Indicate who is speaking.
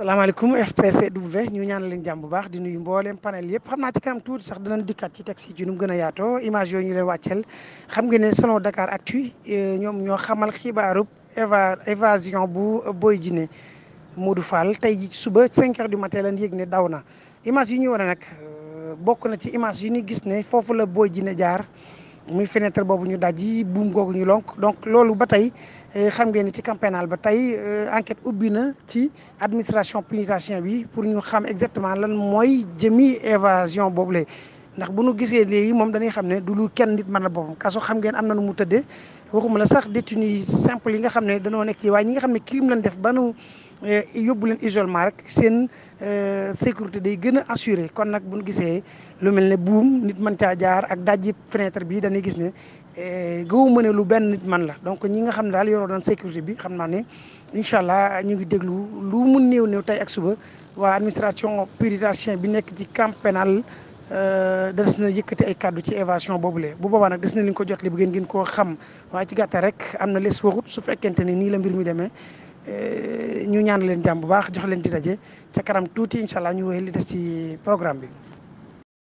Speaker 1: salaamaaleykum FPCW ñu ñaan leen jàmm bu baax di nuyu mbooleem panel yëpp xam naa ci kanam tuuti sax danañ dikkaat ci taxi ci nu mu gën a yaato image yooyu ñu leen wàcceel xam ngeen ne selon Dakar Actu e, ñoom ñoo xamal xibaarub éva évasion bu Boy Djiné Modou Fall tey ji suba 5 heures du matin lañ yëg ne daw na image yi ñu wane nag e, bokk na ci image yi ñu gis ne foofu la Boy Djiné jaar. muy fenêtre boobu ñu daj yi buum googu ñu lonk donc loolu ba tey eh, xam ngeen ni ci camp ba tey eh, enquête ubbi na ci administration pénitentiaire bi pour ñu xam exactement lan mooy jëmi évasion boobu la ndax bu nu gisee léegi moom dañuy xam ne du lu kenn nit mën a boppam kaso xam ngeen am na nu mu tëddee waxuma la sax détenu yi simple yi nga xam ne danoo nekk ci waaye ñi nga xam ne crime lañ def ba eh, yóbbu leen isolement rek seen eh, sécurité day gën a assuré kon nag bu nu gisee lu mel ne buum nit mën caa jaar ak dajji fenêtre bi dañuy gis ne eh, gëwu ma ne lu benn nit man la donc ñi nga xam ne daal yoroo naan sécurité bi xam naa ne incha allah ñu ngi déglu lu mu néew néew tey ak suba waa administration pénitentiaire bi nekk ci camp pénal Euh, des na yëkkati ay kàddu ci évasion boobule bu boobaa nag des na ko jot li bu ngeen koo xam waaye ci gàttal rek am na les waxut su fekkente ni nii la mbir mi demee euh, ñu ñaan leen jàmm bu baax jox leen di daje ca kanam tuuti incha ñu wéy li des ci programme bi.